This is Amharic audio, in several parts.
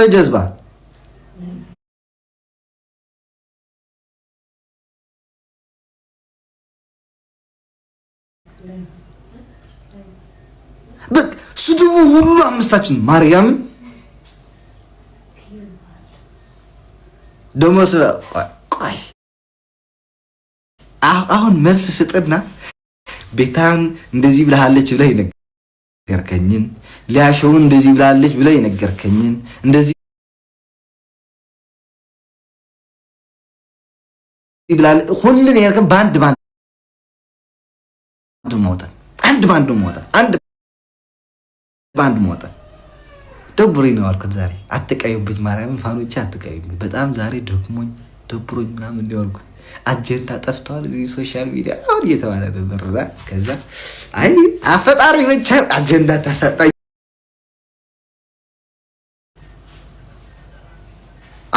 ተጀዝባ ስድቡ ሁሉ አምስታችን ማርያም ደግሞ ቆይ አሁን መልስ ስጥና ቤታን እንደዚህ ብለሃለች ብለህ ነገርከኝን ሊያሸውን እንደዚህ ብላለች ብለ የነገርከኝን እንደዚህ ይብላል ሁሉን የነገርከን በአንድ በአንድ ማውጣት አንድ በአንድ ማውጣት አንድ ባንድ ማውጣት ደብሮኝ ነው አልኩት። ዛሬ አትቀዩብኝ፣ ማርያምን ፋኖቼ አትቀዩብኝ። በጣም ዛሬ ደክሞኝ ደብሮኝ ምናምን ነው ያልኩት። አጀንዳ ጠፍተዋል እዚህ ሶሻል ሚዲያ አሁን እየተባለ ነበር። ከዛ አይ አፈጣሪ ብቻ አጀንዳ ታሳጣኝ።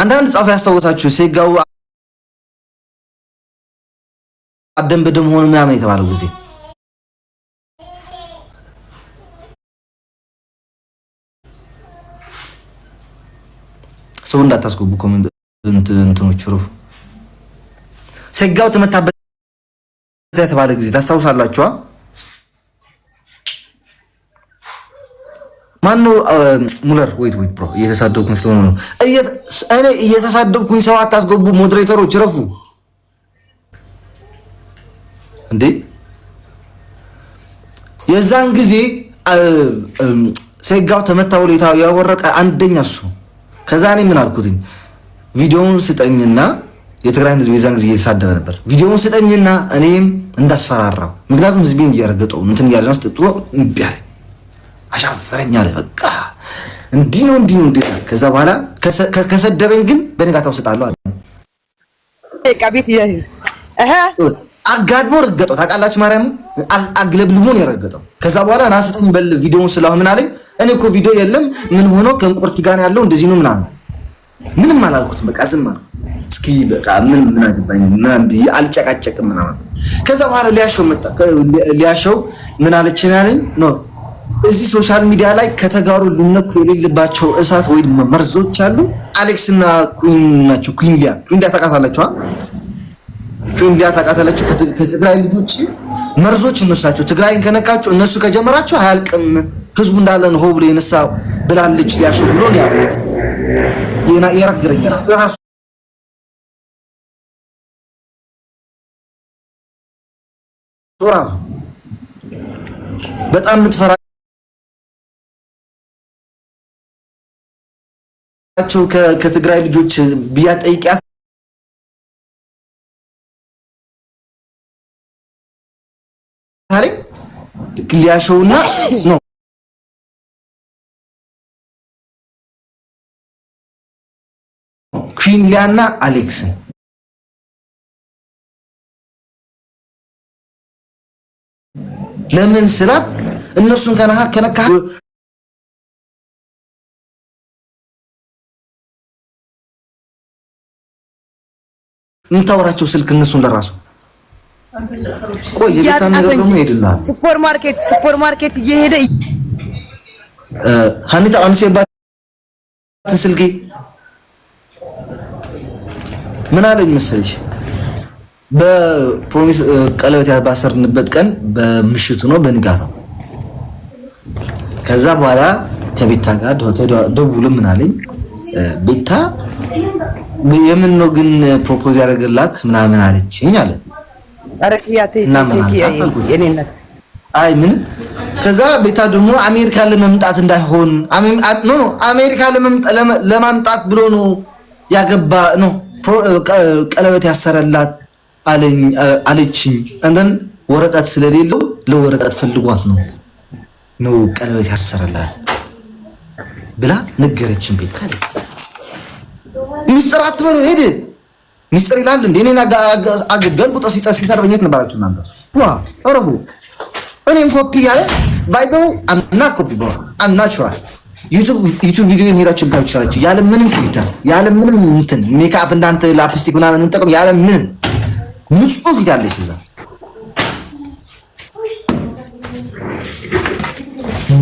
አንዳንድ ጻፍ ያስታወታችሁ ሲጋቡ አደም በደም ሆኖ ምናምን የተባለው ጊዜ ሰው እንዳታስገቡ ኮሜንት እንትኖች ሩፍ ሲጋው ተመታበት የተባለ ጊዜ ታስታውሳላችኋ? ማነው ሙለር? ወይት ወይት ብሮ እየተሳደብኩኝ ስለሆነ ነው። እኔ እየተሳደብኩኝ ሰው አታስገቡ። ሞዴሬተሮች ረፉ እንዴ! የዛን ጊዜ ሴጋው ተመታ ሁኔታ ያወረቀ አንደኛ እሱ። ከዛ እኔ ምን አልኩትኝ? ቪዲዮውን ስጠኝና የትግራይን ህዝብ የዛን ጊዜ እየተሳደበ ነበር። ቪዲዮውን ስጠኝና እኔም እንዳስፈራራው፣ ምክንያቱም ህዝቤን እያረገጠው እንትን እያለ ስጥጥሮ አሻፈረኝ በቃ እንዲህ ነው እንዲህ ነው እንዲህ ነው። ከዛ በኋላ ከሰደበኝ ግን በንጋታው ሰጣለሁ አለ። በቃ ቤት ይሄ እህ አጋድሞ ረገጠው። ታውቃላችሁ፣ ማርያም አግለብልሞ ነው የረገጠው። ከዛ በኋላ ና ስጠኝ በል ቪዲዮውን ስላሁ ምን አለኝ። እኔ እኮ ቪዲዮ የለም ምን ሆኖ ከእንቁርቲ ጋር ያለው እንደዚህ ነው ምናምን፣ ምንም አላልኩትም። በቃ ዝም አልኩ። እስኪ በቃ ምን ምን አገባኝ ምናምን ብዬ አልጨቃጨቅም ምናምን። ከዛ በኋላ ሊያሸው መጣ። ሊያሸው ምን አለችን ያለኝ ነው እዚህ ሶሻል ሚዲያ ላይ ከተጋሩ ልነኩ የሌለባቸው እሳት ወይም መርዞች አሉ። አሌክስ እና ኩን ናቸው። ኩን ሊያ ኩን ሊያ ታውቃታላችሁ? ኩን ሊያ ታውቃታላችሁ? ከትግራይ ልጆች መርዞች እነሱ ናቸው። ትግራይን ከነካችሁ እነሱ ከጀመራችሁ አያልቅም። ህዝቡ እንዳለን ሆ ብሎ የነሳ ብላለች ሊያሾ ብሎ ነው ያለው። የና የራግረኛል ራሱ ራሱ በጣም የምትፈራ ቸው ከትግራይ ልጆች ብያ ጠይቂያት ሊያሸውና ነው ሊያና አሌክስን ለምን ስላት እነሱን ከነካ የምታወራቸው ስልክ እነሱን ለራሱ ቆይ የቤታ ነገር ደግሞ ይሄድልሃል። ሱፐር ማርኬት ሱፐር ማርኬት እየሄደ ሀኒታ አንሴባትን ስልኬ ምን አለኝ መሰለሽ በፕሮሚስ ቀለበት ባሰርንበት ቀን በምሽቱ ነው በንጋታው። ከዛ በኋላ ከቤታ ጋር ደውሎ ምን አለኝ ቤታ የምን ነው ግን ፕሮፖዝ ያደረገላት ምናምን አለችኝ አለ። አይ ምን ከዛ ቤታ ደግሞ አሜሪካ ለመምጣት እንዳይሆን አሜሪካ ለማምጣት ብሎ ነው ያገባ ነው ቀለበት ያሰረላት አለችኝ። እንደን ወረቀት ስለሌለው ለወረቀት ፈልጓት ነው ነው ቀለበት ያሰረላት ብላ ነገረችን ቤታ ሚስጥር አትበሉ። ሄድ ሚስጥር ይላል እንዴ? እኔን አገልግሎት ሲሰርበኝ የት ነበራችሁ እናንተ? ዋ እረፉ። እኔም ኮፒ ያለ ባይገቡ አምና ኮፒ ቦ አምና ቹራል ዩቱብ ቪዲዮ ሄዳችሁ ልታዩ ትችላላችሁ። ያለ ምንም ፊልተር፣ ያለ ምንም እንትን ሜካፕ፣ እንዳንተ ላፕስቲክ ምናምን እንጠቅም ያለ ምንም ንጹህ ፊት አለች እዛ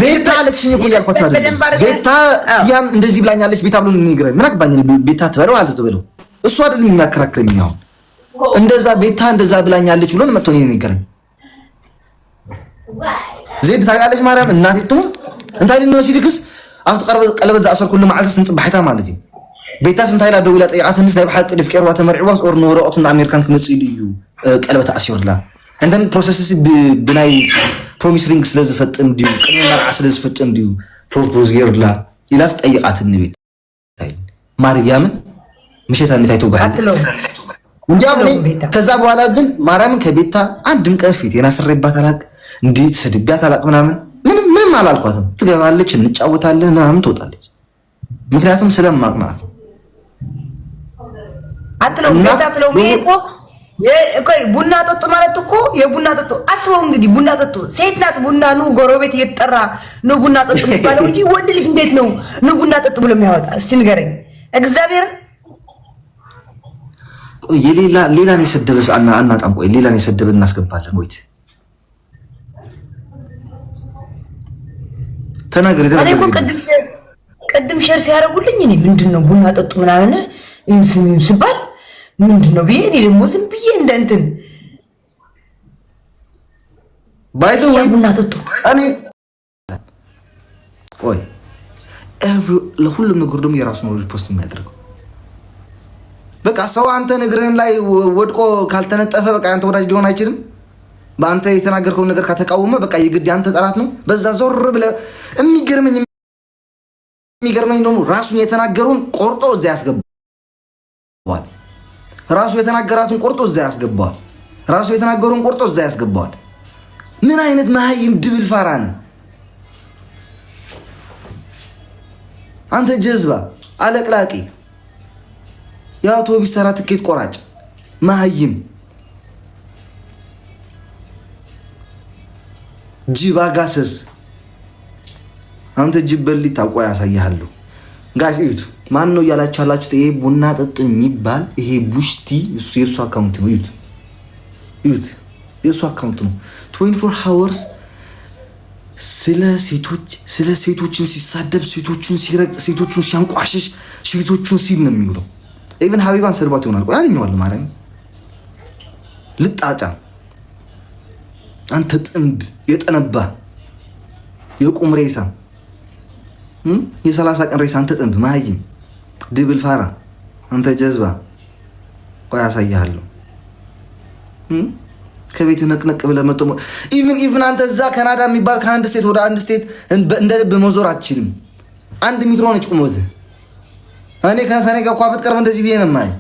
ቤታ አለችኝ እኮ እያልኳቸው አይደለም። ቤታ ያን እንደዚህ ብላኛለች። ቤታ ብሎ ንግረኝ ምን አግባኝ ቤታ ትበለው አልተ ትበለው እሱ አይደለም የሚያከራክረኝ። አሁን እንደዛ ቤታ እንደዛ ብላኛለች ብሎ መጥቶ እኔን ንገረኝ። ዜድ ታውቃለች። ማርያም እናቴ ትሙ እንታይ ነው ሲድክስ ኣብቲ ቀረበ ቀለበት ዝኣሰርኩሉ መዓልቲ ስንፅባሕታ ማለት እዩ ቤታ ስንታይ ላ ደው ኢላ ጠይቃትንስ ናይ ብሓቂ ቀርባ ተመርዒዋስ ኦር ንወረቀቱ ንኣሜሪካን ክመፅ ኢሉ እዩ ቀለበት ኣስዮርላ እንተን ፕሮሰስስ ብናይ ፕሮሚስ ሪንግ ስለዝፈጥ ድዩ ቅድሚ መርዓ ስለዝፈጥ ድዩ ፕሮፖዝ ገይሩላ ኢላስ ጠይቃት ንብል ማርያምን ምሸታ ኔታ ይተጓሃል ከዛ በኋላ ግን ማርያምን ከቤታ አንድም ቀን ፊቴን አስሬባት አላቅ እንዴት ስድቢያት አላቅ ምናምን ምንም ምንም አላልኳትም። ትገባለች፣ እንጫወታለን ምናምን ትወጣለች። ምክንያቱም ስለማቅማል አትለው ቤታ ቡና ጠጡ ማለት እኮ የቡና ጠጡ አስሮ እንግዲህ ቡና ጠጡ ሴት ናት። ቡና ኑ ጎረቤት እየተጠራ ኑ ቡና ጠጡ የሚባለው እንጂ ወንድ ልጅ እንዴት ነው ኑ ቡና ጠጡ ብሎ የሚያወጣ? እስቲ ንገረኝ እግዚአብሔር። የሌላ ሌላ ሌላን የሰደበ አናጣም። ቆይ ሌላን የሰደበ እናስገባለን። ወይት ተናገር። ቅድም ሸር ሲያደርጉልኝ እኔ ምንድን ነው ቡና ጠጡ ምናምን ስባል ምንድን ነው ብዬ እኔ ደግሞ ዝም ብዬ እንደ እንትን ባይቶ ወይ ቡና ጠጡ። እኔ ቆይ ለሁሉም ነገር ደግሞ የራሱ ነው ሪፖስት የሚያደርገው። በቃ ሰው አንተ እግርህን ላይ ወድቆ ካልተነጠፈ በቃ አንተ ወዳጅ ሊሆን አይችልም። በአንተ የተናገርከውን ነገር ከተቃወመ በቃ የግድ አንተ ጠላት ነው። በዛ ዞር ብለ የሚገርመኝ የሚገርመኝ ደግሞ ራሱን የተናገረውን ቆርጦ እዛ ያስገባዋል። ራሱ የተናገራትን ቆርጦ እዛ ያስገባዋል። ራሱ የተናገሩን ቆርጦ እዛ ያስገባዋል። ምን አይነት መሀይም ድብል ፋራ ነህ አንተ ጀዝባ አለቅላቂ የአውቶቢስ ሰራ ትኬት ቆራጭ መሀይም ጅብ አጋሰስ አንተ ጅብ በሊት ታውቆ ያሳያሃለሁ ማን ነው እያላችሁ ያላችሁት? ይሄ ቡና ጠጡ የሚባል ይሄ ቡሽቲ እሱ የእሱ አካውንት ነው። እዩት እዩት፣ የእሱ አካውንት ነው። 24 ሃወርስ ስለ ሴቶች ስለ ሴቶችን ሲሳደብ፣ ሴቶችን ሲረቅ ሴቶችን ሲያንቋሽሽ፣ ሴቶችን ሲል ነው የሚውለው። ኢቨን ሀቢባን ሰድባት ይሆናል። ቆይ ያገኘዋል። ማለት ልጣጫ፣ አንተ ጥንብ፣ የጠነባ የቁም ሬሳ፣ የሰላሳ ቀን ሬሳ፣ አንተ ጥንብ መሀይም ድብል ፋራ አንተ ጀዝባ፣ ቆይ አሳያለሁ። ከቤት ነቅነቅ ብለህ መቶ ኢቭን ኢቭን አንተ እዛ ካናዳ የሚባል ከአንድ ስቴት ወደ አንድ ስቴት እንደ ልብ መዞር አችልም። አንድ ሜትሮ ነች ቁሞት እኔ ከኔ ጋር ኳ ብትቀርብ እንደዚህ ብዬ ነው የማየው